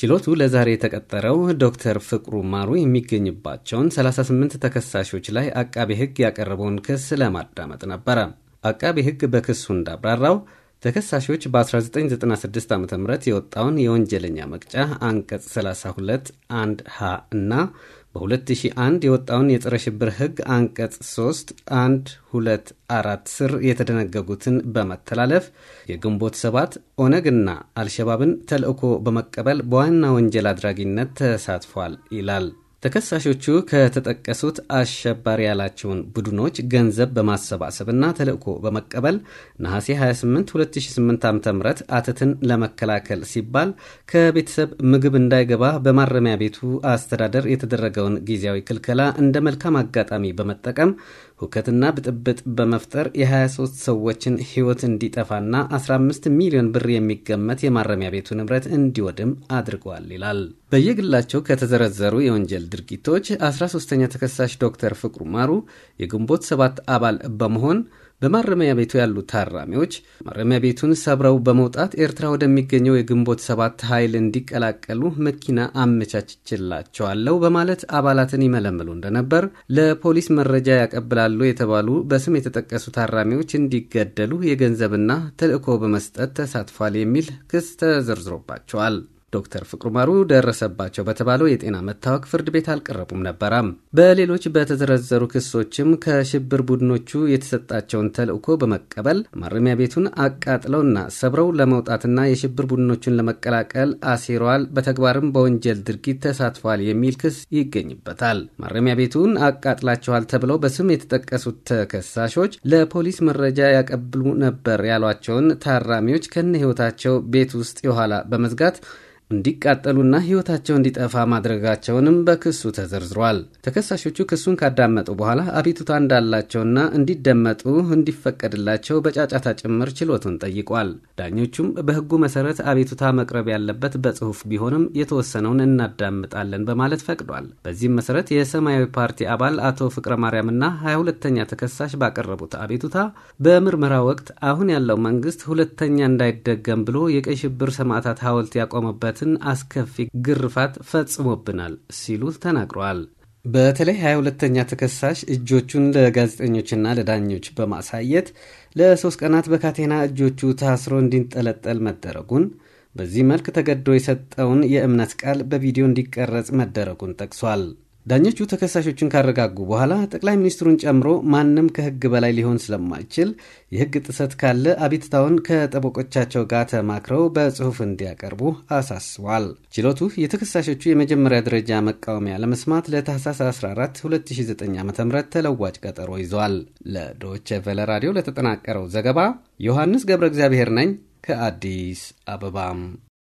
ችሎቱ ለዛሬ የተቀጠረው ዶክተር ፍቅሩ ማሩ የሚገኝባቸውን 38 ተከሳሾች ላይ አቃቤ ሕግ ያቀረበውን ክስ ለማዳመጥ ነበረ። አቃቤ ሕግ በክሱ እንዳብራራው ተከሳሾች በ1996 ዓ ም የወጣውን የወንጀለኛ መቅጫ አንቀጽ 32 1 ሀ እና በ2001 የወጣውን የጸረ ሽብር ሕግ አንቀጽ 3 1 2 4 ስር የተደነገጉትን በመተላለፍ የግንቦት ሰባት ኦነግና አልሸባብን ተልእኮ በመቀበል በዋና ወንጀል አድራጊነት ተሳትፏል ይላል። ተከሳሾቹ ከተጠቀሱት አሸባሪ ያላቸውን ቡድኖች ገንዘብ በማሰባሰብና ተልዕኮ በመቀበል ነሐሴ 28 2008 ዓ.ም አተትን ለመከላከል ሲባል ከቤተሰብ ምግብ እንዳይገባ በማረሚያ ቤቱ አስተዳደር የተደረገውን ጊዜያዊ ክልከላ እንደ መልካም አጋጣሚ በመጠቀም ሁከትና ብጥብጥ በመፍጠር የ23 ሰዎችን ሕይወት እንዲጠፋና 15 ሚሊዮን ብር የሚገመት የማረሚያ ቤቱ ንብረት እንዲወድም አድርገዋል ይላል። በየግላቸው ከተዘረዘሩ የወንጀል ድርጊቶች 13 ተኛ ተከሳሽ ዶክተር ፍቅሩ ማሩ የግንቦት ሰባት አባል በመሆን በማረሚያ ቤቱ ያሉ ታራሚዎች ማረሚያ ቤቱን ሰብረው በመውጣት ኤርትራ ወደሚገኘው የግንቦት ሰባት ኃይል እንዲቀላቀሉ መኪና አመቻችችላቸዋለሁ በማለት አባላትን ይመለምሉ እንደነበር፣ ለፖሊስ መረጃ ያቀብላሉ የተባሉ በስም የተጠቀሱ ታራሚዎች እንዲገደሉ የገንዘብና ተልእኮ በመስጠት ተሳትፏል የሚል ክስ ተዘርዝሮባቸዋል። ዶክተር ፍቅሩ ማሩ ደረሰባቸው በተባለው የጤና መታወክ ፍርድ ቤት አልቀረቡም ነበራም። በሌሎች በተዘረዘሩ ክሶችም ከሽብር ቡድኖቹ የተሰጣቸውን ተልዕኮ በመቀበል ማረሚያ ቤቱን አቃጥለውና ሰብረው ለመውጣትና የሽብር ቡድኖቹን ለመቀላቀል አሲሯል፣ በተግባርም በወንጀል ድርጊት ተሳትፏል የሚል ክስ ይገኝበታል። ማረሚያ ቤቱን አቃጥላቸዋል ተብለው በስም የተጠቀሱት ተከሳሾች ለፖሊስ መረጃ ያቀብሉ ነበር ያሏቸውን ታራሚዎች ከነ ሕይወታቸው ቤት ውስጥ የኋላ በመዝጋት እንዲቃጠሉና ሕይወታቸው እንዲጠፋ ማድረጋቸውንም በክሱ ተዘርዝሯል። ተከሳሾቹ ክሱን ካዳመጡ በኋላ አቤቱታ እንዳላቸውና እንዲደመጡ እንዲፈቀድላቸው በጫጫታ ጭምር ችሎቱን ጠይቋል። ዳኞቹም በሕጉ መሰረት አቤቱታ መቅረብ ያለበት በጽሑፍ ቢሆንም የተወሰነውን እናዳምጣለን በማለት ፈቅዷል። በዚህም መሰረት የሰማያዊ ፓርቲ አባል አቶ ፍቅረ ማርያምና 22ተኛ ተከሳሽ ባቀረቡት አቤቱታ በምርመራ ወቅት አሁን ያለው መንግስት ሁለተኛ እንዳይደገም ብሎ የቀይ ሽብር ሰማዕታት ሐውልት ያቆመበት ያለበትን አስከፊ ግርፋት ፈጽሞብናል ሲሉ ተናግረዋል። በተለይ 2 ሁለተኛ ተከሳሽ እጆቹን ለጋዜጠኞችና ለዳኞች በማሳየት ለሶስት ቀናት በካቴና እጆቹ ታስሮ እንዲንጠለጠል መደረጉን በዚህ መልክ ተገዶ የሰጠውን የእምነት ቃል በቪዲዮ እንዲቀረጽ መደረጉን ጠቅሷል። ዳኞቹ ተከሳሾችን ካረጋጉ በኋላ ጠቅላይ ሚኒስትሩን ጨምሮ ማንም ከህግ በላይ ሊሆን ስለማይችል የህግ ጥሰት ካለ አቤትታውን ከጠበቆቻቸው ጋር ተማክረው በጽሑፍ እንዲያቀርቡ አሳስቧል። ችሎቱ የተከሳሾቹ የመጀመሪያ ደረጃ መቃወሚያ ለመስማት ለታህሳስ 14 2009 ዓ ም ተለዋጭ ቀጠሮ ይዟል። ለዶቼ ቬለ ራዲዮ ለተጠናቀረው ዘገባ ዮሐንስ ገብረ እግዚአብሔር ነኝ ከአዲስ አበባም